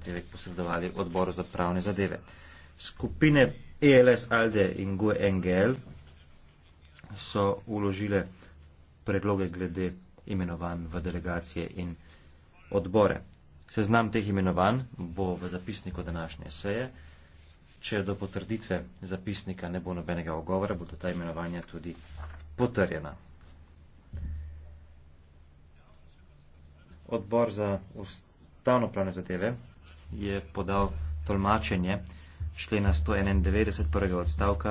zahtevek posredovali odboru za pravne zadeve. Skupine ELS, ALDE in GUE-NGL so uložile predloge glede imenovanj v delegacije in odbore. Seznam teh imenovanj bo v zapisniku današnje seje. Če do potrditve zapisnika ne bo nobenega ogovora, bodo ta imenovanja tudi potrjena. Odbor za ustavno pravne zadeve je podal tolmačenje člena 191. odstavka